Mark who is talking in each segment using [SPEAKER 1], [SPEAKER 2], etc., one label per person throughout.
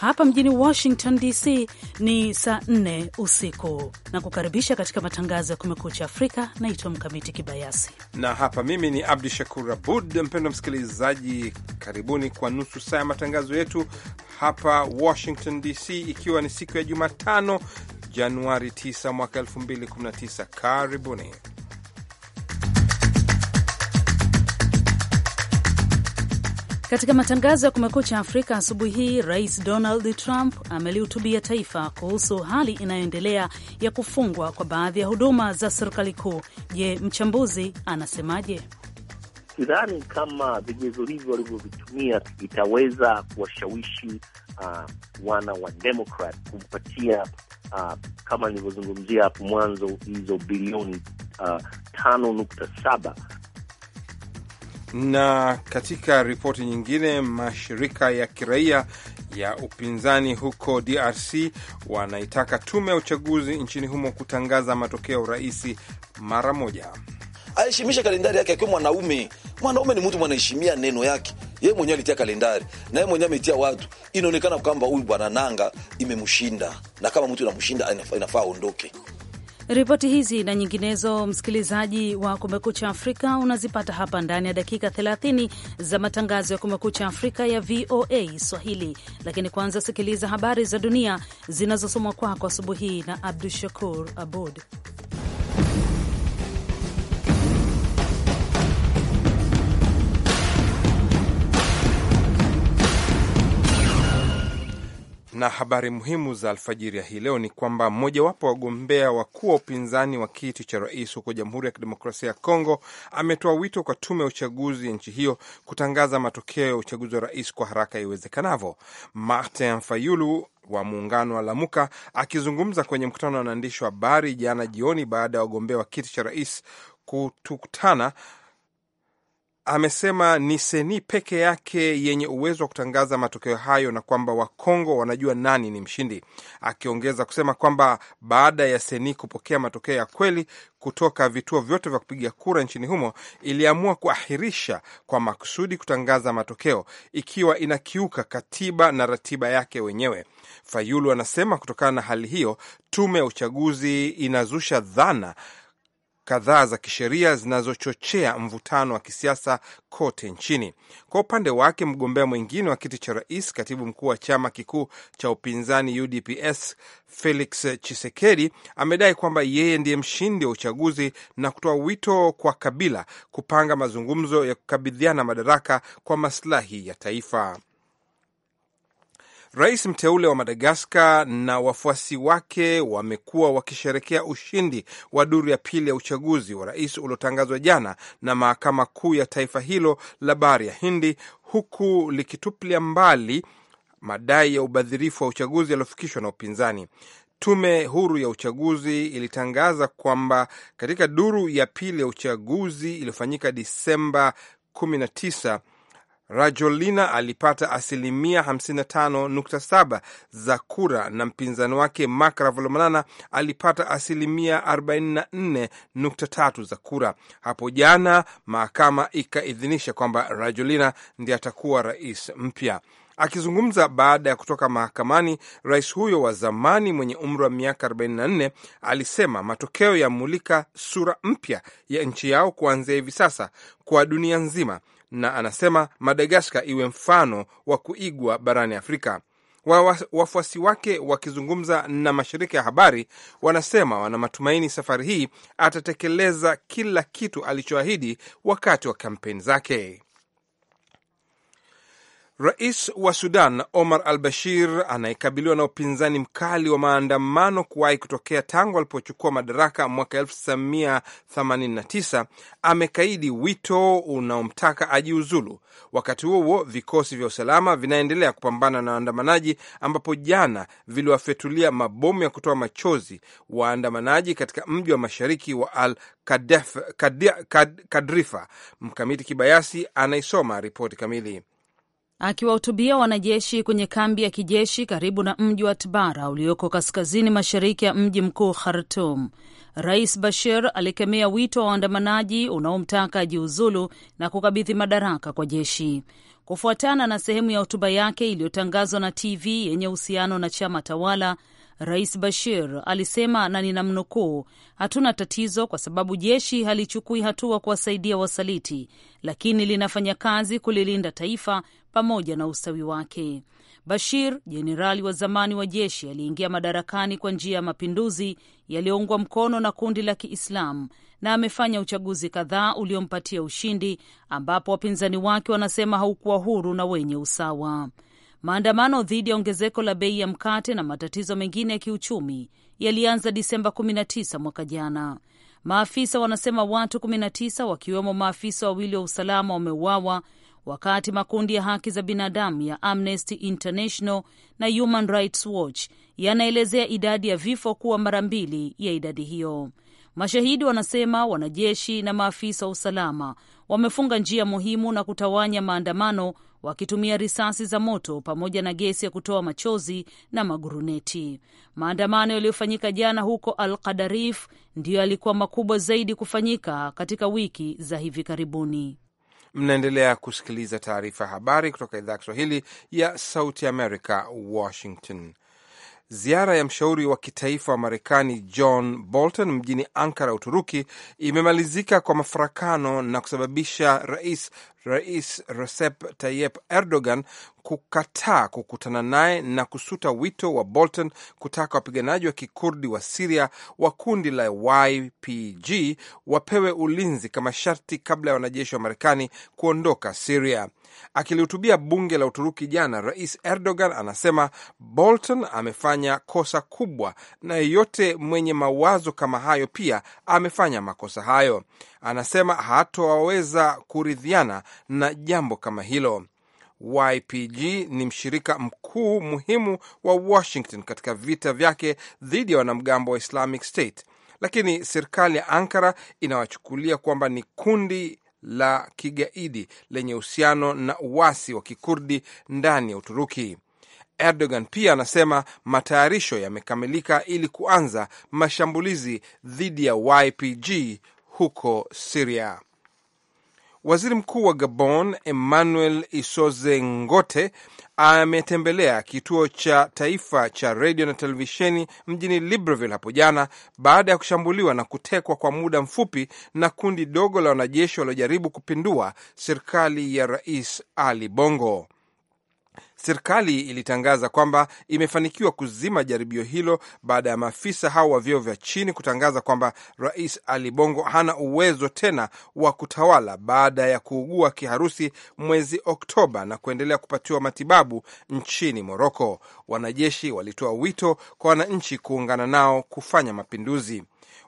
[SPEAKER 1] Hapa mjini Washington DC ni saa nne usiku na kukaribisha katika matangazo ya Kumekucha Afrika. Naitwa Mkamiti Kibayasi
[SPEAKER 2] na hapa mimi ni Abdu Shakur Abud. Mpendwa msikilizaji, karibuni kwa nusu saa ya matangazo yetu hapa Washington DC, ikiwa ni siku ya Jumatano Januari 9 mwaka 2019. Karibuni.
[SPEAKER 1] Katika matangazo ya Kumekucha Afrika asubuhi hii, Rais Donald Trump amelihutubia taifa kuhusu hali inayoendelea ya kufungwa kwa baadhi ya huduma za serikali kuu. Je, mchambuzi anasemaje? Sidhani kama vigezo hivyo walivyovitumia
[SPEAKER 3] vitaweza kuwashawishi uh, wana wa Demokrat kumpatia uh, kama nilivyozungumzia hapo mwanzo hizo bilioni uh, tano nukta saba
[SPEAKER 2] na katika ripoti nyingine, mashirika ya kiraia ya upinzani huko DRC wanaitaka tume ya uchaguzi nchini humo kutangaza matokeo ya urahisi mara moja.
[SPEAKER 4] Aheshimishe kalendari yake akiwa mwanaume. Mwanaume ni mtu mwanaheshimia neno yake. Yeye mwenyewe alitia kalendari
[SPEAKER 2] na yeye mwenyewe ametia watu, inaonekana kwamba huyu bwana nanga imemshinda, na kama mtu inamshinda inafaa aondoke.
[SPEAKER 1] Ripoti hizi na nyinginezo, msikilizaji wa Kumekucha Afrika, unazipata hapa ndani ya dakika 30 za matangazo ya Kumekucha Afrika ya VOA Swahili. Lakini kwanza, sikiliza habari za dunia zinazosomwa kwako asubuhi na Abdu Shakur Abud.
[SPEAKER 2] Na habari muhimu za alfajiri ya hii leo ni kwamba mmojawapo wa wagombea wakuu wa upinzani wa kiti cha rais huko Jamhuri ya Kidemokrasia ya Kongo ametoa wito kwa tume ya uchaguzi ya nchi hiyo kutangaza matokeo ya uchaguzi wa rais kwa haraka iwezekanavyo. Martin Fayulu wa muungano wa Lamuka akizungumza kwenye mkutano wa waandishi wa habari jana jioni baada ya wagombea wa kiti cha rais kutukutana amesema ni Seni peke yake yenye uwezo wa kutangaza matokeo hayo na kwamba Wakongo wanajua nani ni mshindi, akiongeza kusema kwamba baada ya Seni kupokea matokeo ya kweli kutoka vituo vyote vya kupiga kura nchini humo, iliamua kuahirisha kwa makusudi kutangaza matokeo, ikiwa inakiuka katiba na ratiba yake wenyewe. Fayulu anasema kutokana na hali hiyo, tume ya uchaguzi inazusha dhana kadhaa za kisheria zinazochochea mvutano wa kisiasa kote nchini. Kwa upande wake, mgombea mwingine wa kiti cha rais, katibu mkuu wa chama kikuu cha upinzani UDPS Felix Chisekedi amedai kwamba yeye ndiye mshindi wa uchaguzi na kutoa wito kwa Kabila kupanga mazungumzo ya kukabidhiana madaraka kwa maslahi ya taifa. Rais mteule wa Madagaskar na wafuasi wake wamekuwa wakisherekea ushindi wa duru ya pili ya uchaguzi wa rais uliotangazwa jana na mahakama kuu ya taifa hilo la bahari ya Hindi, huku likitupilia mbali madai ya ubadhirifu wa uchaguzi yaliyofikishwa na upinzani. Tume huru ya uchaguzi ilitangaza kwamba katika duru ya pili ya uchaguzi iliyofanyika Disemba 19 Rajolina alipata asilimia 55.7 za kura na mpinzani wake Mak Ravalomanana alipata asilimia 44.3 za kura. Hapo jana mahakama ikaidhinisha kwamba Rajolina ndiye atakuwa rais mpya. Akizungumza baada ya kutoka mahakamani, rais huyo wa zamani mwenye umri wa miaka 44 alisema matokeo yamulika sura mpya ya nchi yao kuanzia hivi sasa kwa dunia nzima na anasema Madagaskar iwe mfano wa kuigwa barani Afrika. Wafuasi wake wakizungumza na mashirika ya habari wanasema wana matumaini safari hii atatekeleza kila kitu alichoahidi wakati wa kampeni zake. Rais wa Sudan Omar al Bashir anayekabiliwa na upinzani mkali wa maandamano kuwahi kutokea tangu alipochukua madaraka mwaka 1989 amekaidi wito unaomtaka ajiuzulu. Wakati huo huo, vikosi vya usalama vinaendelea kupambana na waandamanaji, ambapo jana viliwafyatulia mabomu ya kutoa machozi waandamanaji katika mji wa mashariki wa al Kadrifa. Mkamiti Kibayasi anaisoma ripoti kamili.
[SPEAKER 1] Akiwahutubia wanajeshi kwenye kambi ya kijeshi karibu na mji wa Tbara ulioko kaskazini mashariki ya mji mkuu Khartum, Rais Bashir alikemea wito wa waandamanaji unaomtaka ajiuzulu na kukabidhi madaraka kwa jeshi. Kufuatana na sehemu ya hotuba yake iliyotangazwa na TV yenye uhusiano na chama tawala Rais Bashir alisema na ninamnukuu, hatuna tatizo kwa sababu jeshi halichukui hatua kuwasaidia wasaliti, lakini linafanya kazi kulilinda taifa pamoja na ustawi wake. Bashir, jenerali wa zamani wa jeshi, aliingia madarakani kwa njia ya mapinduzi yaliyoungwa mkono na kundi la Kiislamu na amefanya uchaguzi kadhaa uliompatia ushindi, ambapo wapinzani wake wanasema haukuwa huru na wenye usawa. Maandamano dhidi ya ongezeko la bei ya mkate na matatizo mengine ya kiuchumi yalianza Disemba 19 mwaka jana. Maafisa wanasema watu 19 wakiwemo maafisa wawili wa usalama wameuawa, wakati makundi ya haki za binadamu ya Amnesty International na Human Rights Watch yanaelezea idadi ya vifo kuwa mara mbili ya idadi hiyo. Mashahidi wanasema wanajeshi na maafisa wa usalama wamefunga njia muhimu na kutawanya maandamano wakitumia risasi za moto pamoja na gesi ya kutoa machozi na maguruneti. Maandamano yaliyofanyika jana huko Al Qadarif ndiyo yalikuwa makubwa zaidi kufanyika katika wiki za hivi karibuni.
[SPEAKER 2] Mnaendelea kusikiliza taarifa ya habari kutoka idhaa ya Kiswahili ya Sauti America, Washington. Ziara ya mshauri wa kitaifa wa Marekani John Bolton mjini Ankara, Uturuki, imemalizika kwa mafarakano na kusababisha rais Rais Recep Tayyip Erdogan kukataa kukutana naye na kusuta wito wa Bolton kutaka wapiganaji wa kikurdi wa Siria wa kundi la YPG wapewe ulinzi kama sharti kabla ya wanajeshi wa Marekani kuondoka Siria. Akilihutubia bunge la Uturuki jana, Rais Erdogan anasema Bolton amefanya kosa kubwa na yeyote mwenye mawazo kama hayo pia amefanya makosa hayo anasema hatowaweza kuridhiana na jambo kama hilo. YPG ni mshirika mkuu muhimu wa Washington katika vita vyake dhidi ya wanamgambo wa Islamic State, lakini serikali ya Ankara inawachukulia kwamba ni kundi la kigaidi lenye uhusiano na uasi wa kikurdi ndani ya Uturuki. Erdogan pia anasema matayarisho yamekamilika ili kuanza mashambulizi dhidi ya YPG huko Siria. Waziri Mkuu wa Gabon Emmanuel Isoze Ngote ametembelea kituo cha taifa cha redio na televisheni mjini Libreville hapo jana baada ya kushambuliwa na kutekwa kwa muda mfupi na kundi dogo la wanajeshi waliojaribu kupindua serikali ya Rais Ali Bongo. Serikali ilitangaza kwamba imefanikiwa kuzima jaribio hilo baada ya maafisa hao wa vyeo vya chini kutangaza kwamba Rais Ali Bongo hana uwezo tena wa kutawala baada ya kuugua kiharusi mwezi Oktoba na kuendelea kupatiwa matibabu nchini Moroko. Wanajeshi walitoa wito kwa wananchi kuungana nao kufanya mapinduzi.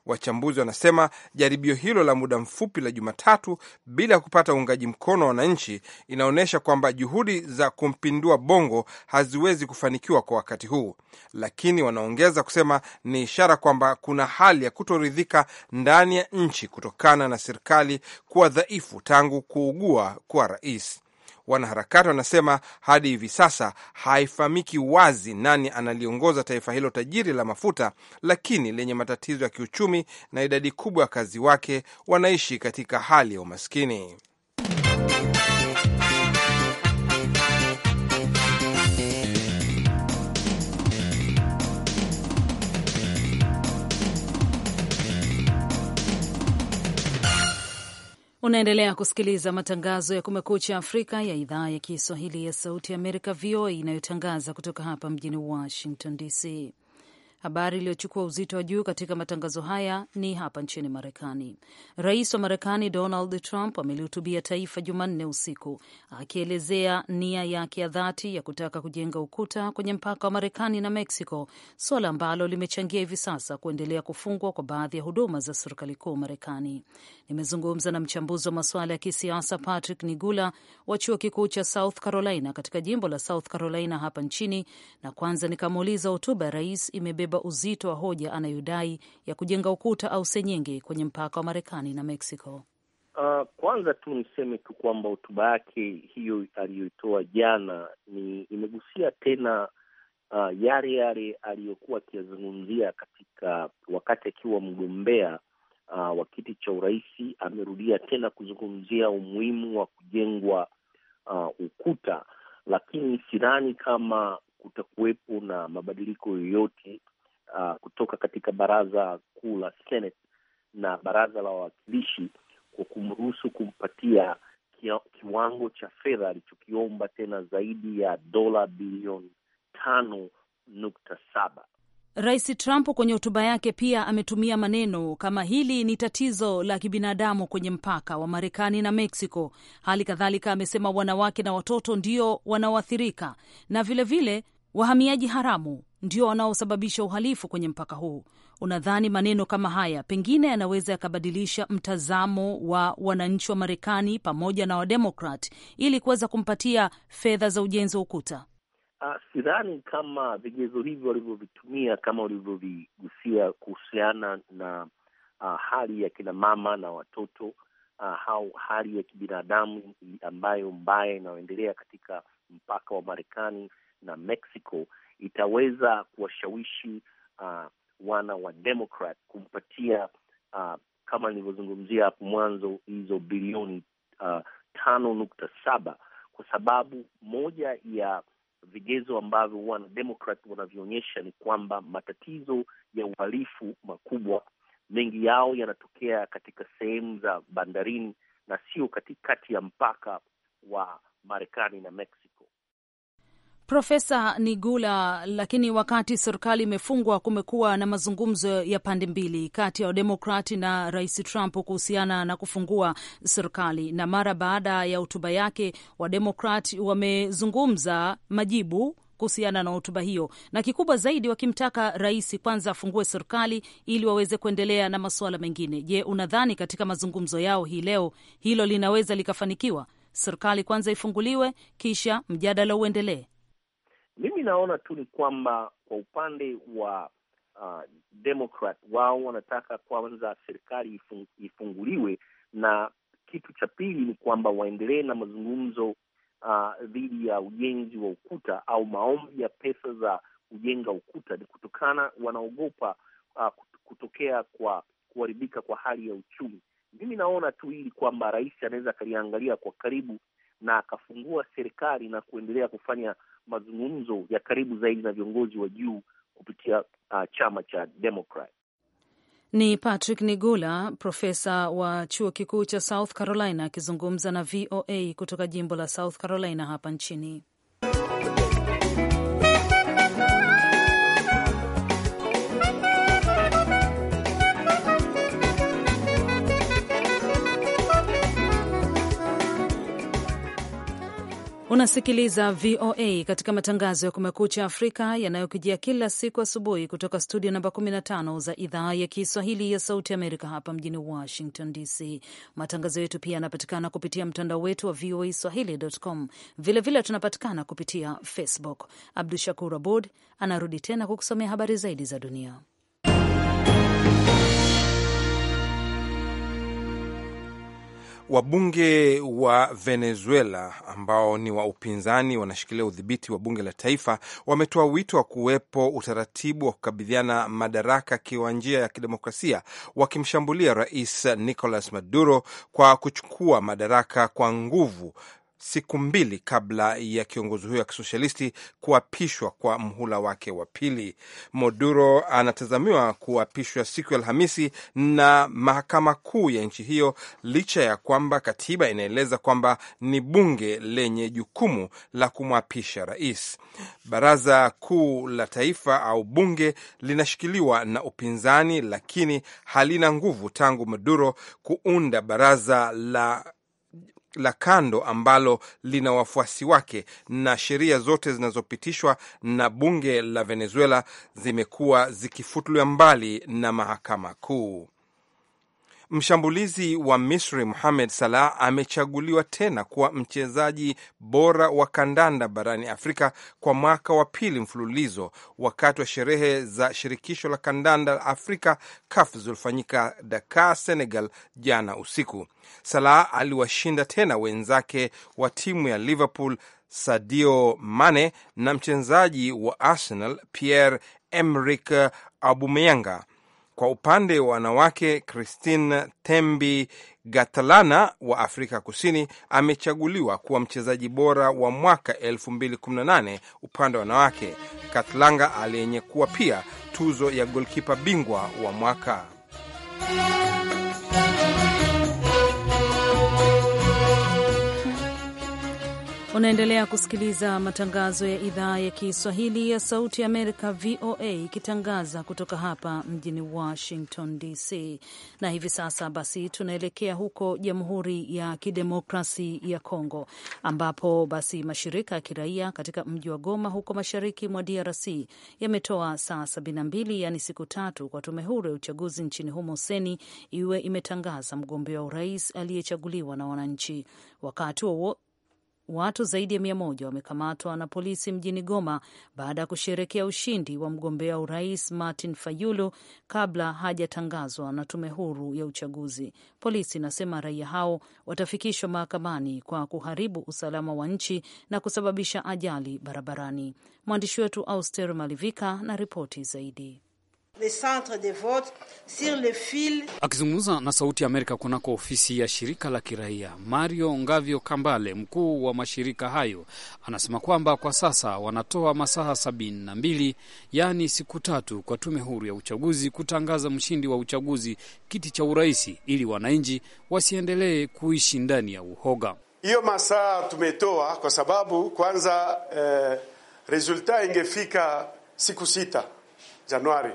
[SPEAKER 2] Wachambuzi wanasema jaribio hilo la muda mfupi la Jumatatu bila kupata uungaji mkono wa wananchi inaonyesha kwamba juhudi za kumpindua Bongo haziwezi kufanikiwa kwa wakati huu, lakini wanaongeza kusema ni ishara kwamba kuna hali ya kutoridhika ndani ya nchi kutokana na serikali kuwa dhaifu tangu kuugua kwa rais. Wanaharakati wanasema hadi hivi sasa haifahamiki wazi nani analiongoza taifa hilo tajiri la mafuta, lakini lenye matatizo ya kiuchumi na idadi kubwa ya wakazi wake wanaishi katika hali ya umaskini.
[SPEAKER 1] Unaendelea kusikiliza matangazo ya Kumekucha Afrika ya idhaa ya Kiswahili ya Sauti ya Amerika, VOA, inayotangaza kutoka hapa mjini Washington DC. Habari iliyochukua uzito wa juu katika matangazo haya ni hapa nchini Marekani. Rais wa Marekani Donald Trump amelihutubia taifa Jumanne usiku akielezea nia yake ya dhati ya kutaka kujenga ukuta kwenye mpaka wa Marekani na Mexico, suala ambalo limechangia hivi sasa kuendelea kufungwa kwa baadhi ya huduma za serikali kuu Marekani. Nimezungumza na mchambuzi wa masuala ya kisiasa Patrick Nigula wa chuo kikuu cha South Carolina katika jimbo la South Carolina hapa nchini, na kwanza nikamuuliza hotuba ya rais imebeba kubeba uzito wa hoja anayodai ya kujenga ukuta au senyenge kwenye mpaka wa Marekani na Mexico?
[SPEAKER 3] Uh, kwanza tu niseme tu kwamba hotuba yake hiyo aliyoitoa jana ni imegusia tena uh, yale yale aliyokuwa akiyazungumzia katika wakati akiwa mgombea uh, wa kiti cha urais. Amerudia tena kuzungumzia umuhimu wa kujengwa uh, ukuta, lakini sidhani kama kutakuwepo na mabadiliko yoyote uh, kutoka katika baraza kuu la Senate na baraza la wawakilishi kwa kumruhusu kumpatia kiwango cha fedha alichokiomba tena zaidi ya dola bilioni tano nukta saba.
[SPEAKER 1] Rais Trump kwenye hotuba yake pia ametumia maneno kama hili ni tatizo la kibinadamu kwenye mpaka wa Marekani na Mexico. Hali kadhalika amesema wanawake na watoto ndio wanaoathirika, na vilevile Wahamiaji haramu ndio wanaosababisha uhalifu kwenye mpaka huu. Unadhani maneno kama haya pengine yanaweza yakabadilisha mtazamo wa wananchi wa Marekani pamoja na Wademokrat ili kuweza kumpatia fedha za ujenzi wa ukuta?
[SPEAKER 3] Uh, sidhani kama vigezo hivyo walivyovitumia kama walivyovigusia kuhusiana na uh, hali ya kina mama na watoto uh, au hali ya kibinadamu ambayo mbaya inayoendelea katika mpaka wa Marekani na Mexico itaweza kuwashawishi uh, wana wa Democrat kumpatia uh, kama nilivyozungumzia hapo mwanzo hizo bilioni uh, tano nukta saba kwa sababu moja ya vigezo ambavyo wana Democrat wanavyoonyesha ni kwamba matatizo ya uhalifu makubwa mengi yao yanatokea katika sehemu za bandarini na sio katikati ya mpaka wa Marekani na Mexico.
[SPEAKER 1] Profesa Nigula, lakini wakati serikali imefungwa, kumekuwa na mazungumzo ya pande mbili kati ya wademokrati na rais Trump kuhusiana na kufungua serikali, na mara baada ya hotuba yake wademokrati wamezungumza majibu kuhusiana na hotuba hiyo, na kikubwa zaidi wakimtaka rais kwanza afungue serikali ili waweze kuendelea na masuala mengine. Je, unadhani katika mazungumzo yao hii leo hilo linaweza likafanikiwa? Serikali kwanza ifunguliwe, kisha mjadala uendelee?
[SPEAKER 3] Mimi naona tu ni kwamba kwa upande wa uh, Democrat wao wanataka kwanza serikali ifung, ifunguliwe na kitu cha pili ni kwamba waendelee na mazungumzo uh, dhidi uh, ya ujenzi wa ukuta au maombi ya pesa za kujenga ukuta. Ni kutokana wanaogopa uh, kutokea kwa kuharibika kwa hali ya uchumi. Mimi naona tu hili kwamba rais anaweza akaliangalia kwa karibu na akafungua serikali na kuendelea kufanya mazungumzo ya karibu zaidi na viongozi wa juu kupitia uh, chama cha Democrat.
[SPEAKER 1] Ni Patrick Nigula, profesa wa chuo kikuu cha South Carolina, akizungumza na VOA kutoka jimbo la South Carolina hapa nchini. Unasikiliza VOA katika matangazo ya Kumekucha Afrika yanayokujia kila siku asubuhi kutoka studio namba 15 za idhaa ya Kiswahili ya Sauti Amerika hapa mjini Washington DC. Matangazo yetu pia yanapatikana kupitia mtandao wetu wa VOA swahili.com. Vilevile tunapatikana kupitia Facebook. Abdu Shakur Abud anarudi tena kukusomea habari zaidi za dunia.
[SPEAKER 2] Wabunge wa Venezuela ambao ni wa upinzani wanashikilia udhibiti wa bunge la taifa wametoa wito wa kuwepo utaratibu wa kukabidhiana madaraka kwa njia ya kidemokrasia, wakimshambulia Rais Nicolas Maduro kwa kuchukua madaraka kwa nguvu siku mbili kabla ya kiongozi huyo wa kisoshalisti kuapishwa kwa mhula wake wa pili. Maduro anatazamiwa kuapishwa siku ya Alhamisi na mahakama kuu ya nchi hiyo, licha ya kwamba katiba inaeleza kwamba ni bunge lenye jukumu la kumwapisha rais. Baraza kuu la taifa au bunge linashikiliwa na upinzani, lakini halina nguvu tangu Maduro kuunda baraza la la kando ambalo lina wafuasi wake, na sheria zote zinazopitishwa na bunge la Venezuela zimekuwa zikifutuliwa mbali na mahakama kuu. Mshambulizi wa Misri Mohamed Salah amechaguliwa tena kuwa mchezaji bora wa kandanda barani Afrika kwa mwaka wa pili mfululizo wakati wa sherehe za shirikisho la kandanda la Afrika CAF zilizofanyika Dakar, Senegal jana usiku. Salah aliwashinda tena wenzake wa timu ya Liverpool Sadio Mane na mchezaji wa Arsenal Pierre Emerick Aubameyang kwa upande wa wanawake, Christine Tembi Gatalana wa Afrika Kusini amechaguliwa kuwa mchezaji bora wa mwaka 2018 upande wa wanawake. Katlanga aliyenyekua pia tuzo ya golkipa bingwa
[SPEAKER 1] wa mwaka. Unaendelea kusikiliza matangazo ya idhaa ya Kiswahili ya Sauti ya Amerika, VOA, ikitangaza kutoka hapa mjini Washington DC. Na hivi sasa basi tunaelekea huko Jamhuri ya Kidemokrasi ya congo ambapo basi mashirika ya kiraia katika mji wa Goma huko mashariki mwa DRC yametoa saa mbili yaani siku tatu kwa tume huru ya uchaguzi nchini humo seni iwe imetangaza mgombea wa urais aliyechaguliwa na wananchi. Wakati huo Watu zaidi ya mia moja wamekamatwa na polisi mjini Goma baada ya kusherekea ushindi wa mgombea urais Martin Fayulu kabla hajatangazwa na tume huru ya uchaguzi. Polisi inasema raia hao watafikishwa mahakamani kwa kuharibu usalama wa nchi na kusababisha ajali barabarani. Mwandishi wetu Auster Malivika na ripoti zaidi.
[SPEAKER 5] Akizungumza na Sauti ya Amerika kunako ofisi ya shirika la kiraia, Mario Ngavyo Kambale, mkuu wa mashirika hayo, anasema kwamba kwa sasa wanatoa masaha sabini na mbili, yaani siku tatu, kwa tume huru ya uchaguzi kutangaza mshindi wa uchaguzi kiti cha urahisi ili wananchi wasiendelee kuishi ndani ya uhoga.
[SPEAKER 4] Hiyo masaa tumetoa kwa sababu kwanza, eh, resulta ingefika siku sita Januari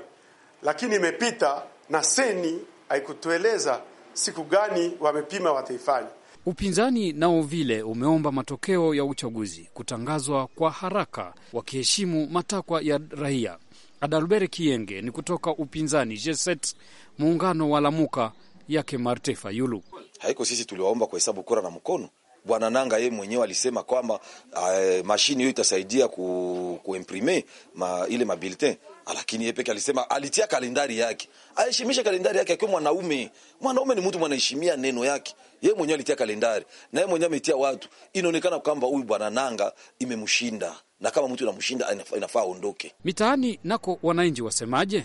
[SPEAKER 4] lakini imepita na seni haikutueleza siku gani wamepima wataifanya.
[SPEAKER 5] Upinzani nao vile umeomba matokeo ya uchaguzi kutangazwa kwa haraka wakiheshimu matakwa ya raia. Adalbert Kienge ni kutoka upinzani Jeset, muungano wa Lamuka yake Marte Fayulu.
[SPEAKER 2] Haiko sisi tuliwaomba kuhesabu kura na mkono. Bwana Nanga yeye mwenyewe alisema kwamba uh, mashini hiyo itasaidia ku, kuimprime ma, ile mabulletin lakini yeye peke alisema, alitia kalendari yake, aheshimishe kalendari yake. Akiwa mwanaume, mwanaume ni mtu mwanaheshimia neno yake. Yeye mwenyewe alitia kalendari na yeye mwenyewe ametia watu, inaonekana kwamba huyu bwana nanga imemshinda, na kama
[SPEAKER 4] mtu inamshinda inafaa aondoke
[SPEAKER 5] mitaani. Nako wananchi wasemaje?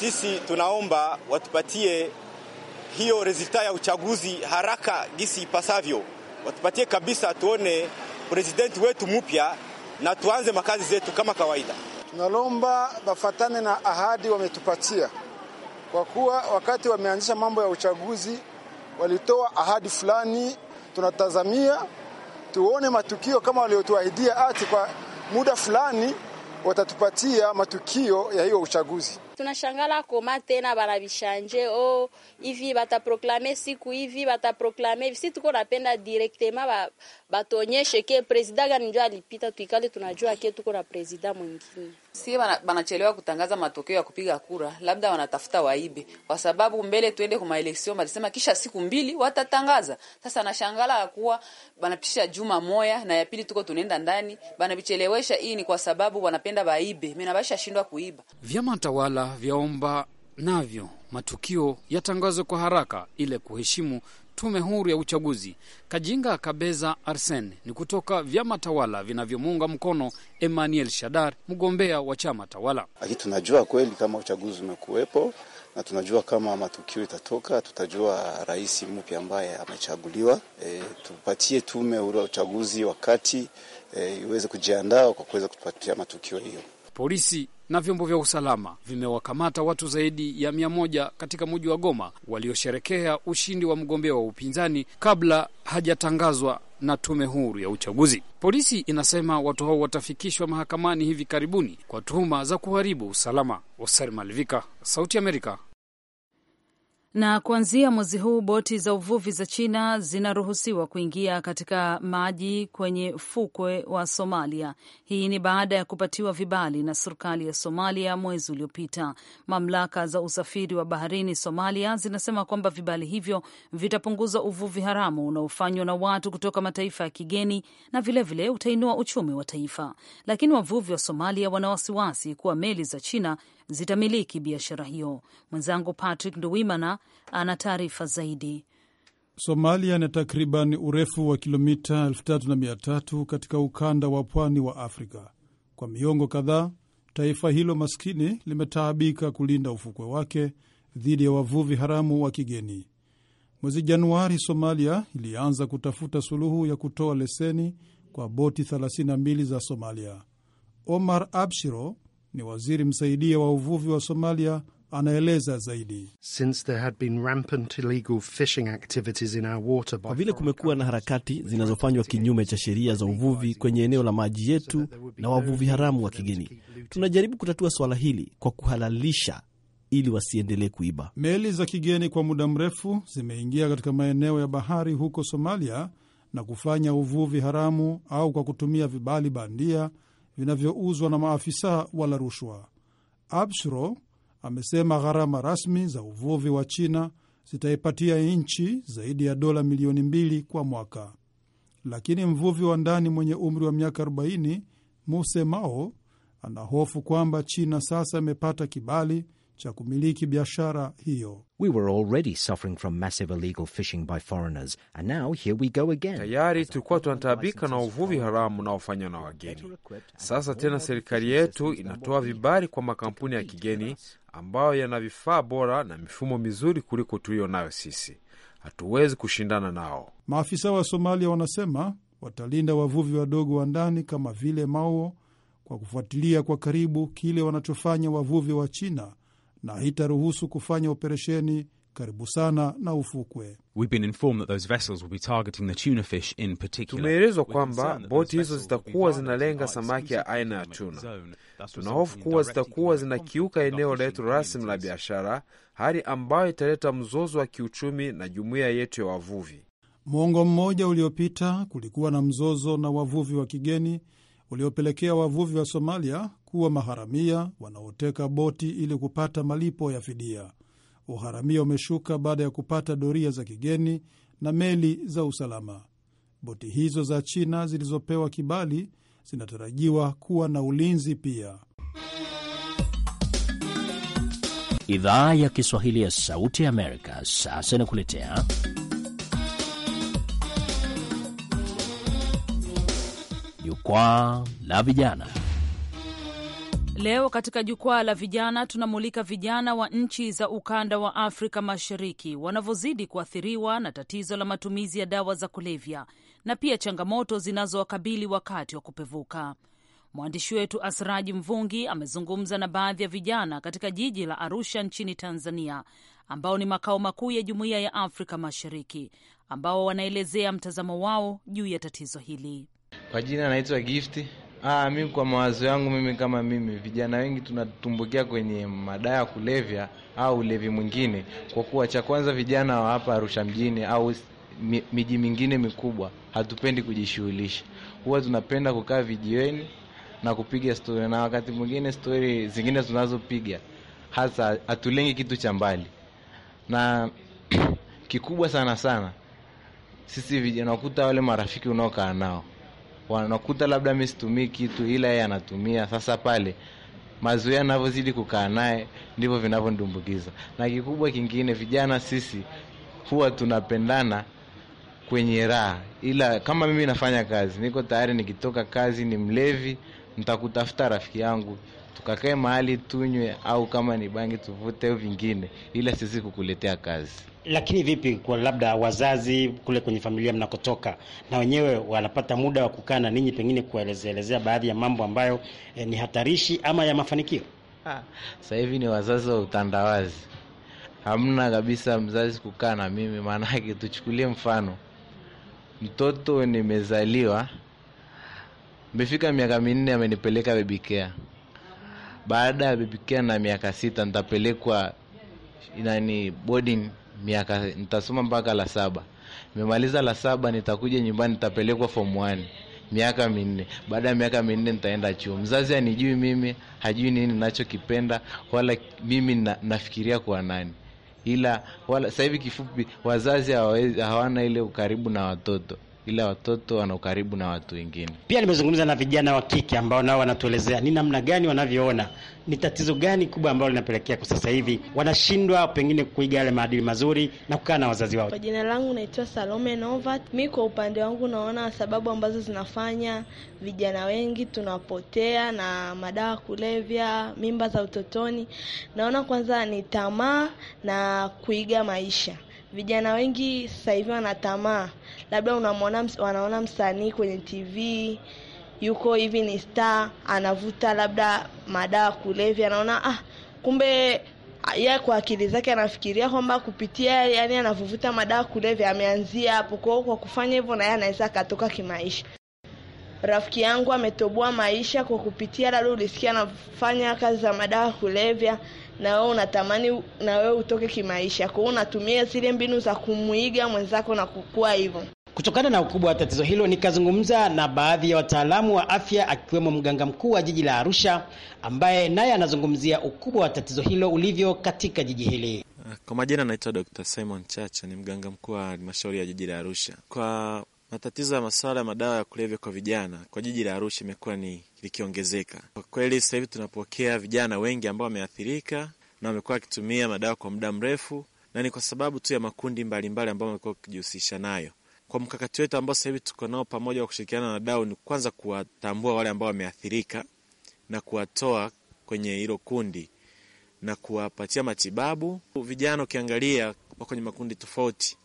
[SPEAKER 4] Sisi tunaomba watupatie hiyo resulta ya uchaguzi haraka gisi ipasavyo, watupatie kabisa, tuone presidenti wetu mpya na tuanze makazi zetu kama kawaida
[SPEAKER 6] tunalomba bafatane na ahadi wametupatia,
[SPEAKER 2] kwa kuwa wakati wameanzisha mambo ya uchaguzi walitoa ahadi fulani. Tunatazamia tuone matukio kama waliotuahidia ati kwa muda fulani watatupatia matukio ya hiyo uchaguzi.
[SPEAKER 1] Tunashangala koma tena banabishanje o oh, hivi bataproklame siku hivi bataproklame si tuko napenda direktema batuonyeshe ke presida gani njo alipita, tuikale tunajua ke tuko na presida mwingine. Si banachelewa kutangaza matokeo ya kupiga kura, labda wanatafuta waibe, kwa sababu mbele tuende kwa maeleksio, walisema kisha siku mbili watatangaza. Sasa nashangala ya kuwa banapisha juma moya na ya pili tuko tunaenda ndani, banavichelewesha. Hii ni kwa sababu wanapenda waibe, mimi nabasha shindwa kuiba.
[SPEAKER 5] Vyama tawala vyaomba navyo matukio yatangazwe kwa haraka, ile kuheshimu tume huru ya uchaguzi. Kajinga Kabeza Arsen ni kutoka vyama tawala vinavyomuunga mkono Emmanuel Shadar, mgombea wa chama tawala. Lakini tunajua kweli kama uchaguzi umekuwepo na tunajua kama matukio itatoka, tutajua rais mpya ambaye amechaguliwa. E, tupatie tume huru ya uchaguzi wakati e, iweze kujiandaa kwa kuweza kutupatia matukio hiyo. Polisi na vyombo vya usalama vimewakamata watu zaidi ya mia moja katika mji wa Goma waliosherekea ushindi wa mgombea wa upinzani kabla hajatangazwa na tume huru ya uchaguzi. Polisi inasema watu hao watafikishwa mahakamani hivi karibuni kwa tuhuma za kuharibu usalama. Oser Malvika, Sauti Amerika,
[SPEAKER 1] na kuanzia mwezi huu boti za uvuvi za China zinaruhusiwa kuingia katika maji kwenye fukwe wa Somalia. Hii ni baada ya kupatiwa vibali na serikali ya Somalia mwezi uliopita. Mamlaka za usafiri wa baharini Somalia zinasema kwamba vibali hivyo vitapunguza uvuvi haramu unaofanywa na watu kutoka mataifa ya kigeni na vilevile utainua uchumi wa taifa, lakini wavuvi wa Somalia wana wasiwasi kuwa meli za China zitamiliki biashara hiyo. Mwenzangu Patrick Nduwimana ana taarifa zaidi.
[SPEAKER 6] Somalia ina takriban urefu wa kilomita 3300 katika ukanda wa pwani wa Afrika. Kwa miongo kadhaa, taifa hilo maskini limetaabika kulinda ufukwe wake dhidi ya wavuvi haramu wa kigeni. Mwezi Januari, Somalia ilianza kutafuta suluhu ya kutoa leseni kwa boti 32 za Somalia. Omar Abshiro, ni waziri msaidia wa uvuvi wa Somalia anaeleza
[SPEAKER 3] zaidi. Kwa vile kumekuwa na harakati zinazofanywa kinyume cha sheria za uvuvi kwenye eneo la maji yetu na wavuvi haramu wa kigeni, tunajaribu kutatua swala hili kwa kuhalalisha ili wasiendelee
[SPEAKER 4] kuiba.
[SPEAKER 6] Meli za kigeni kwa muda mrefu zimeingia katika maeneo ya bahari huko Somalia na kufanya uvuvi haramu au kwa kutumia vibali bandia vinavyouzwa na maafisa wala rushwa. Absro amesema gharama rasmi za uvuvi wa China zitaipatia nchi zaidi ya dola milioni mbili kwa mwaka, lakini mvuvi wa ndani mwenye umri wa miaka 40 Muse Mao anahofu kwamba China sasa imepata kibali cha kumiliki biashara
[SPEAKER 7] hiyo. We were already suffering from massive illegal fishing by foreigners and now here we go again.
[SPEAKER 2] Tayari tulikuwa tunataabika na uvuvi haramu unaofanywa na wageni. Sasa tena serikali yetu inatoa vibali kwa makampuni ya kigeni ambayo yana vifaa bora na mifumo mizuri kuliko tuliyo nayo sisi. Hatuwezi kushindana nao.
[SPEAKER 6] Maafisa wa Somalia wanasema watalinda wavuvi wadogo wa ndani kama vile Mao kwa kufuatilia kwa karibu kile wanachofanya wavuvi wa China na haitaruhusu kufanya operesheni karibu sana na ufukwe.
[SPEAKER 8] Tumeelezwa kwamba boti hizo zitakuwa zinalenga samaki ya aina
[SPEAKER 2] ya tuna. Tunahofu kuwa zitakuwa zinakiuka eneo letu rasmi la biashara, hali ambayo italeta mzozo wa kiuchumi na jumuiya yetu ya wavuvi.
[SPEAKER 6] Mwongo mmoja uliopita kulikuwa na mzozo na wavuvi wa kigeni uliopelekea wavuvi wa Somalia kuwa maharamia wanaoteka boti ili kupata malipo ya fidia. Uharamia umeshuka baada ya kupata doria za kigeni na meli za usalama. Boti hizo za China zilizopewa kibali zinatarajiwa kuwa na ulinzi pia.
[SPEAKER 3] Idhaa ya Kiswahili ya Sauti ya Amerika sasa inakuletea jukwaa la vijana.
[SPEAKER 1] Leo katika jukwaa la vijana tunamulika vijana wa nchi za ukanda wa Afrika Mashariki wanavyozidi kuathiriwa na tatizo la matumizi ya dawa za kulevya na pia changamoto zinazowakabili wakati wa kupevuka. Mwandishi wetu Asraji Mvungi amezungumza na baadhi ya vijana katika jiji la Arusha nchini Tanzania, ambao ni makao makuu ya Jumuiya ya Afrika Mashariki, ambao wanaelezea mtazamo wao juu ya tatizo hili.
[SPEAKER 8] Kwa jina anaitwa Gifti Ah, mimi kwa mawazo yangu mimi kama mimi, vijana wengi tunatumbukia kwenye madawa ya kulevya au ulevi mwingine, kwa kuwa cha kwanza, vijana wa hapa Arusha mjini au miji mingine mikubwa hatupendi kujishughulisha, huwa tunapenda kukaa vijiweni na kupiga stori, na wakati mwingine stori zingine tunazopiga hasa hatulengi kitu cha mbali, na kikubwa sana sana sisi vijana, kuta wale marafiki unaokaa nao wanakuta labda mi situmii kitu, ila yeye anatumia. Sasa pale mazoea anavyozidi kukaa naye ndivyo vinavyondumbukiza. Na kikubwa kingine, vijana sisi huwa tunapendana kwenye raha, ila kama mimi nafanya kazi, niko tayari nikitoka kazi ni mlevi, ntakutafuta rafiki yangu tukakae mahali tunywe, au kama ni bangi tuvute, vingine, ila sisi kukuletea kazi
[SPEAKER 7] lakini vipi kwa labda wazazi kule kwenye familia mnakotoka, na wenyewe wanapata muda wa kukaa na ninyi, pengine kuwaelezeelezea baadhi ya mambo ambayo eh, ni hatarishi ama ya mafanikio? Ah, sasa hivi ni wazazi wa utandawazi,
[SPEAKER 8] hamna kabisa mzazi kukaa na mimi. Maanake tuchukulie mfano, mtoto nimezaliwa, mmefika miaka minne, amenipeleka bebikea. Baada ya bebikea na miaka sita nitapelekwa nani boarding miaka nitasoma mpaka la saba. Nimemaliza la saba, nitakuja nyumbani, nitapelekwa fomu wani miaka minne. Baada ya miaka minne nitaenda chuo. Mzazi anijui mimi, hajui nini ninachokipenda, wala mimi na, nafikiria kuwa nani ila wala sasa hivi, kifupi, wazazi hawana ile ukaribu na watoto ila
[SPEAKER 7] watoto wana ukaribu na watu wengine. Pia nimezungumza na vijana wa kike ambao nao wanatuelezea ni namna gani wanavyoona ni tatizo gani kubwa ambalo linapelekea kwa sasa hivi wanashindwa pengine kuiga yale maadili mazuri na kukaa na wazazi wao. Kwa
[SPEAKER 1] jina langu naitwa Salome Novat. Mi kwa upande wangu naona sababu ambazo zinafanya vijana wengi tunapotea na madawa kulevya, mimba za utotoni, naona kwanza ni tamaa na kuiga maisha vijana wengi sasa hivi wana tamaa, labda unamwona wanaona msanii kwenye TV yuko hivi ni star, anavuta labda madawa kulevya, anaona ah, kumbe ah, yeye kwa akili zake anafikiria kwamba kupitia yani anavyovuta madawa kulevya ameanzia hapo. Kwa hiyo kwa kufanya hivyo, na yeye anaweza akatoka kimaisha rafiki yangu ametoboa maisha kwa kupitia, lalo, ulisikia anafanya kazi za madawa kulevya, na wewe unatamani na wewe utoke kimaisha, kwa hiyo unatumia zile mbinu za kumwiga mwenzako na kukua hivyo. Kutokana
[SPEAKER 7] na ukubwa wa tatizo hilo, nikazungumza na baadhi ya wataalamu wa afya akiwemo mganga mkuu wa jiji la Arusha ambaye naye anazungumzia ukubwa wa tatizo hilo ulivyo katika jiji hili.
[SPEAKER 4] Kwa majina anaitwa Dr. Simon Chacha, ni mganga mkuu wa halmashauri ya jiji la Arusha. Kwa Matatizo ya masuala ya madawa ya kulevya kwa vijana kwa jiji la Arusha imekuwa ni likiongezeka kwa kweli. Sasa hivi tunapokea vijana wengi ambao wameathirika na wamekuwa wakitumia madawa kwa muda mrefu, na ni kwa sababu tu ya makundi mbalimbali ambao wamekuwa wakijihusisha nayo. Kwa mkakati wetu ambao sasa hivi tuko nao pamoja wa kushirikiana na dau, ni kwanza kuwatambua wale ambao wameathirika na kuwatoa kwenye hilo kundi na kuwapatia matibabu. Vijana ukiangalia kwenye makundi tofauti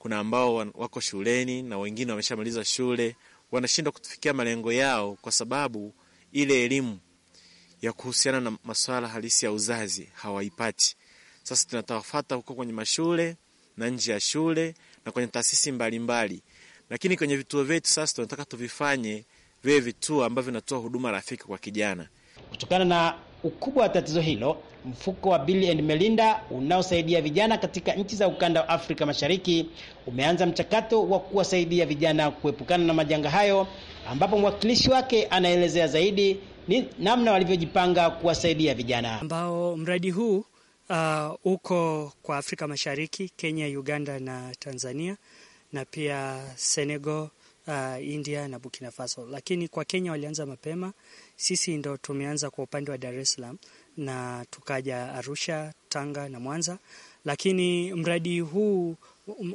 [SPEAKER 4] kuna ambao wako shuleni na wengine wameshamaliza shule, wanashindwa kufikia malengo yao kwa sababu ile elimu ya kuhusiana na masuala halisi ya uzazi hawaipati. Sasa tunatawafata huko kwenye mashule na nje ya shule na kwenye taasisi mbalimbali Lakini kwenye vituo vyetu sasa tunataka tuvifanye vile vituo ambavyo vinatoa huduma rafiki kwa kijana kutokana na
[SPEAKER 7] Ukubwa wa tatizo hilo, mfuko wa Bill and Melinda unaosaidia vijana katika nchi za ukanda wa Afrika Mashariki umeanza mchakato wa kuwasaidia vijana kuepukana na majanga hayo, ambapo mwakilishi wake anaelezea zaidi ni namna
[SPEAKER 9] walivyojipanga kuwasaidia vijana ambao mradi huu uh, uko kwa Afrika Mashariki, Kenya, Uganda na Tanzania na pia Senegal uh, India na Burkina Faso, lakini kwa Kenya walianza mapema. Sisi ndo tumeanza kwa upande wa Dar es Salaam na tukaja Arusha, Tanga na Mwanza, lakini mradi huu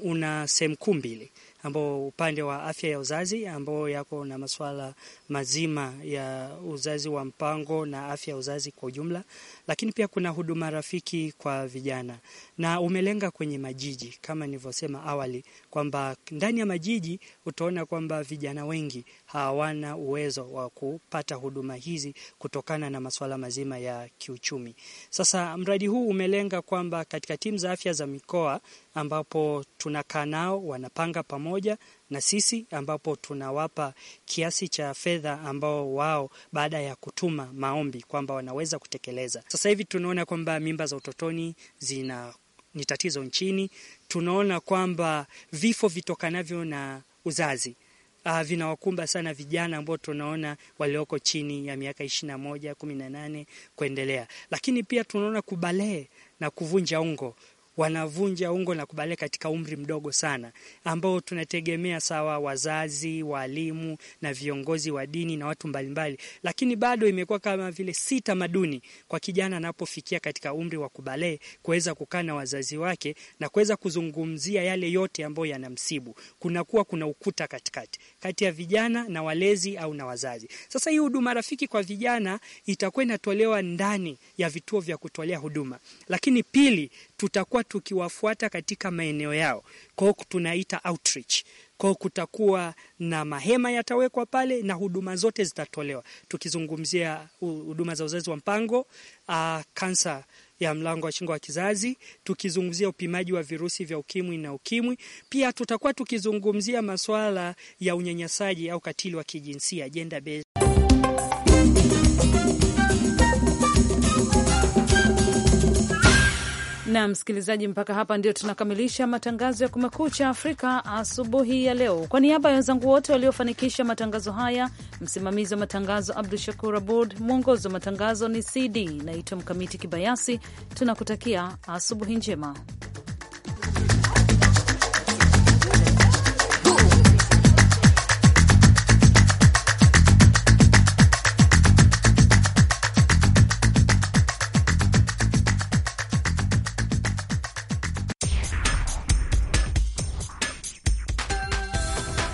[SPEAKER 9] una sehemu kuu mbili ambao upande wa afya ya uzazi ambao yako na masuala mazima ya uzazi wa mpango na afya ya uzazi kwa ujumla, lakini pia kuna huduma rafiki kwa vijana na umelenga kwenye majiji kama nilivyosema awali kwamba ndani ya majiji utaona kwamba vijana wengi hawana uwezo wa kupata huduma hizi kutokana na masuala mazima ya kiuchumi. Sasa mradi huu umelenga kwamba katika timu za afya za mikoa ambapo tunakaa nao wanapanga pamoja na sisi, ambapo tunawapa kiasi cha fedha ambao wao baada ya kutuma maombi kwamba wanaweza kutekeleza. Sasa hivi tunaona kwamba mimba za utotoni zina ni tatizo nchini. Tunaona kwamba vifo vitokanavyo na uzazi Uh, vinawakumba sana vijana ambao tunaona walioko chini ya miaka ishirini na moja, kumi na nane kuendelea, lakini pia tunaona kubalee na kuvunja ungo wanavunja ungo na kubalia katika umri mdogo sana, ambao tunategemea sawa wazazi, walimu na viongozi wa dini na watu mbalimbali, lakini bado imekuwa kama vile si tamaduni kwa kijana anapofikia katika umri wa kubale kuweza kukaa na wazazi wake na kuweza kuzungumzia yale yote ambayo yanamsibu. Kunakuwa kuna ukuta katikati kati ya vijana na walezi au na wazazi. Sasa hii huduma rafiki kwa vijana itakuwa inatolewa ndani ya vituo vya kutolea huduma, lakini pili tutakuwa tukiwafuata katika maeneo yao. Kwa hiyo tunaita outreach. Kwa hiyo kutakuwa na mahema yatawekwa pale na huduma zote zitatolewa, tukizungumzia huduma za uzazi wa mpango, kansa ah, ya mlango wa shingo wa kizazi, tukizungumzia upimaji wa virusi vya ukimwi na ukimwi. Pia tutakuwa tukizungumzia masuala ya unyanyasaji au katili wa kijinsia, gender based
[SPEAKER 1] na msikilizaji, mpaka hapa ndio tunakamilisha matangazo ya Kumekucha Afrika asubuhi ya leo. Kwa niaba ya wenzangu wote waliofanikisha matangazo haya, msimamizi wa matangazo Abdu Shakur Abud, mwongozi wa matangazo ni CD, naitwa Mkamiti Kibayasi. Tunakutakia asubuhi njema.